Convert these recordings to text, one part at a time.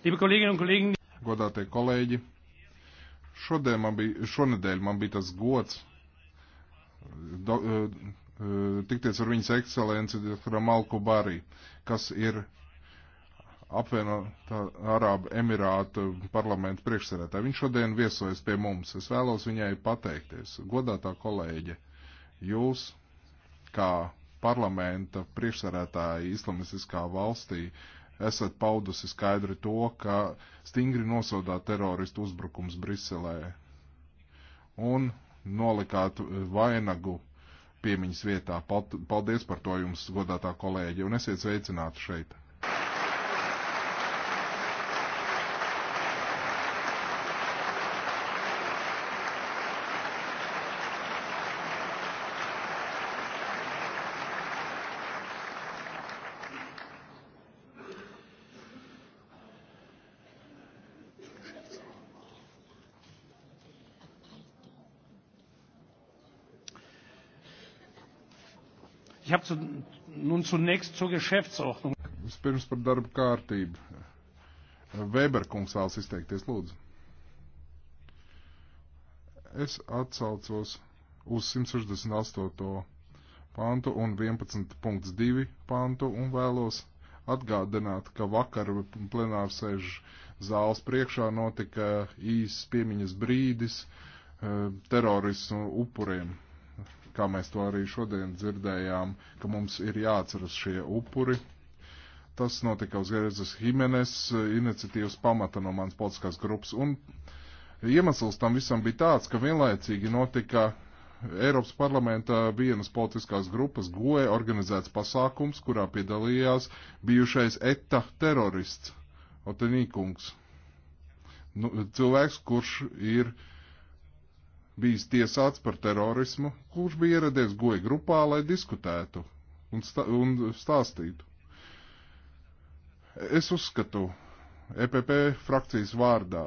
Godātie kolēģi, šodien man bija, šonedēļ man bija tas gods do, eh, eh, tikties ar viņas ekscelenci doktoru Malku Barī, kas ir apvienotā Arābu Emirātu parlamentu priekšsēdētāja. Viņš šodien viesojas pie mums. Es vēlos viņai pateikties. Godātā kolēģe, jūs kā parlamenta priekšsēdētāja islamistiskā valstī uh, esat paudusi skaidri to, ka stingri nosodā teroristu uzbrukums Briselē un nolikāt vainagu piemiņas vietā. Paldies par to jums, godātā kolēģi, un esiet sveicināti šeit! Ich habe zu, nun zunächst zur Geschäftsordnung. Vispirms par darba kārtību. Weberkungs vēlas izteikties, lūdzu. Es atsaucos uz 168. pantu un 11.2 pantu un vēlos atgādināt, ka vakar plenārsēž zāles priekšā notika īsts piemiņas brīdis eh, terorismu upuriem kā mēs to arī šodien dzirdējām, ka mums ir jāatceras šie upuri. Tas notika uz Gerezes Himenes iniciatīvas pamata no manas politiskās grupas, un iemesls tam visam bija tāds, ka vienlaicīgi notika Eiropas parlamenta vienas politiskās grupas GOE organizēts pasākums, kurā piedalījās bijušais ETA terorists Otenīkungs. Nu, cilvēks, kurš ir uh, bijis tiesāts par terorismu, kurš bija ieradies goja grupā, lai diskutētu un, stā, un stāstītu. Es uzskatu EPP frakcijas vārdā,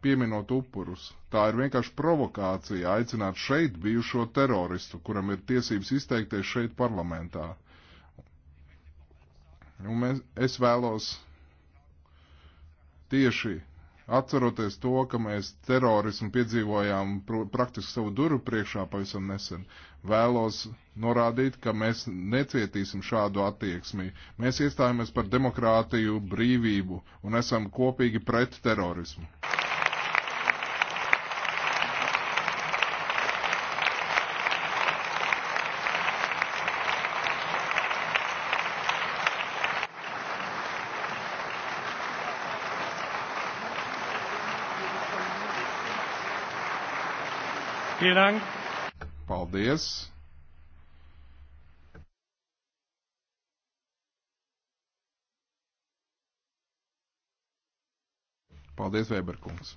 pieminot upurus, tā ir vienkārši provokācija aicināt šeit bijušo teroristu, kuram ir tiesības izteikties šeit parlamentā. Un mēs, es vēlos tieši Atceroties to, ka mēs terorismu piedzīvojām praktiski savu duru priekšā pavisam nesen, vēlos norādīt, ka mēs necietīsim šādu attieksmi. Mēs iestājamies par demokrātiju, brīvību un esam kopīgi pret terorismu. Paldies! Paldies, Vēberkungs!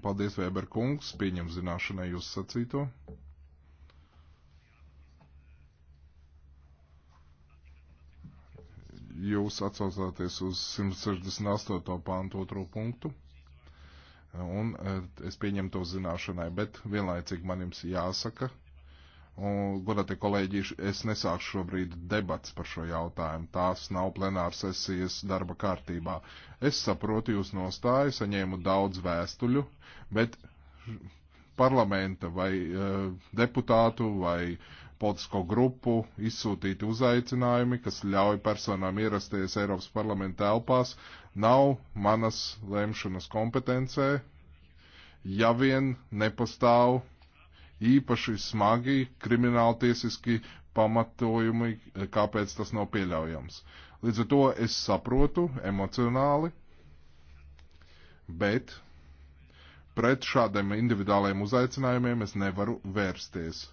Paldies, Vēberkungs! Pieņem zināšanai jūs sacīto. jūs atsaucāties uz 168. pāntu otro punktu, un e, es pieņemu to zināšanai, bet vienlaicīgi man jums jāsaka, un, godātie kolēģi, es nesāku šobrīd debats par šo jautājumu, tās nav plenāra sesijas darba kārtībā. Es saprotu jūs nostāju, saņēmu daudz vēstuļu, bet parlamenta vai uh, deputātu vai uh, politisko grupu izsūtīti uzaicinājumi, kas ļauj personām ierasties Eiropas parlamenta telpās, nav manas lemšanas kompetencē, ja vien nepastāv īpaši smagi krimināltiesiski pamatojumi, kāpēc tas nav pieļaujams. Līdz ar to es saprotu emocionāli, bet pret šādiem individuāliem uzaicinājumiem es nevaru vērsties.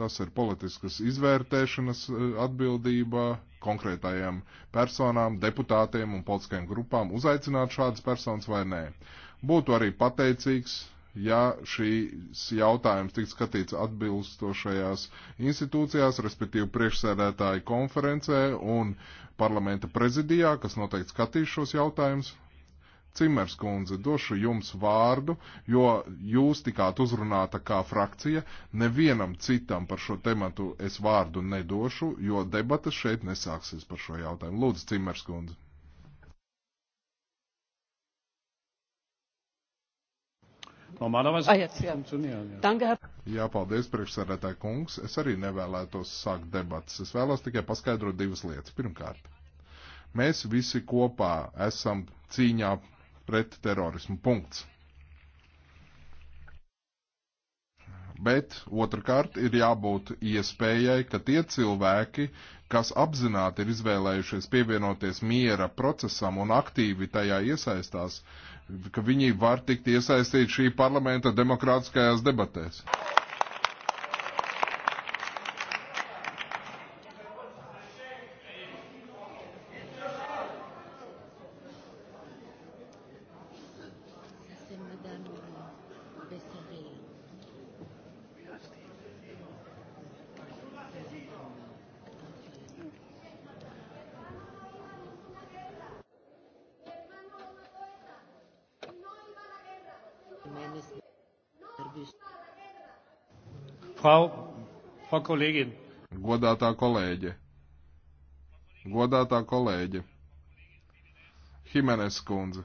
Tas ir politiskas izvērtēšanas e, atbildība konkrētajām personām, deputātiem un politiskajām grupām uzaicināt šādas personas vai nē. Būtu arī pateicīgs, ja šīs jautājums tiks skatīts atbilstošajās institūcijās, respektīvi priekšsēdētāju konferencē un parlamenta prezidijā, kas noteikti skatīs šos jautājumus, Cimers kundze, došu jums vārdu, jo jūs tikāt uzrunāta kā frakcija. Nevienam citam par šo tematu es vārdu nedošu, jo debatas šeit nesāksies par šo jautājumu. Lūdzu, Cimers kundze. Jā, paldies, priekšsēdētāji kungs. Es arī nevēlētos sākt debatas. Es vēlos tikai paskaidrot divas lietas. Pirmkārt, mēs visi kopā esam cīņā pret terorismu. Punkts. Bet otrkārt ir jābūt iespējai, ka tie cilvēki, kas apzināti ir izvēlējušies pievienoties miera procesam un aktīvi tajā iesaistās, ka viņi var tikt iesaistīti šī parlamenta demokrātiskajās debatēs. Frau, Frau Kollegin. Godātā kolēģe. Godātā kolēģe. Himenes kundze.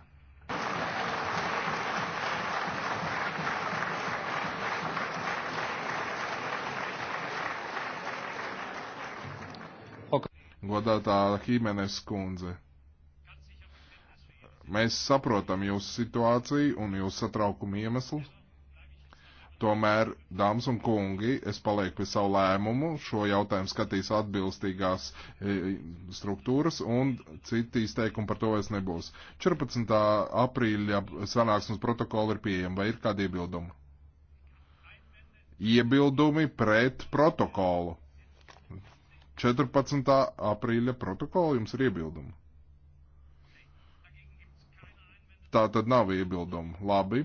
Godātā Himenes kundze. Mēs saprotam jūsu situāciju un jūsu satraukumu iemeslus. Tomēr, dāmas un kungi, es palieku pie savu lēmumu, šo jautājumu skatīs atbilstīgās e, struktūras un citi izteikumi par to vairs nebūs. 14. aprīļa sanāksmes protokola ir pieejama, vai ir kādi iebildumi? Iebildumi pret protokolu. 14. aprīļa protokola jums ir iebildumi. Tā tad nav iebildumu. Labi.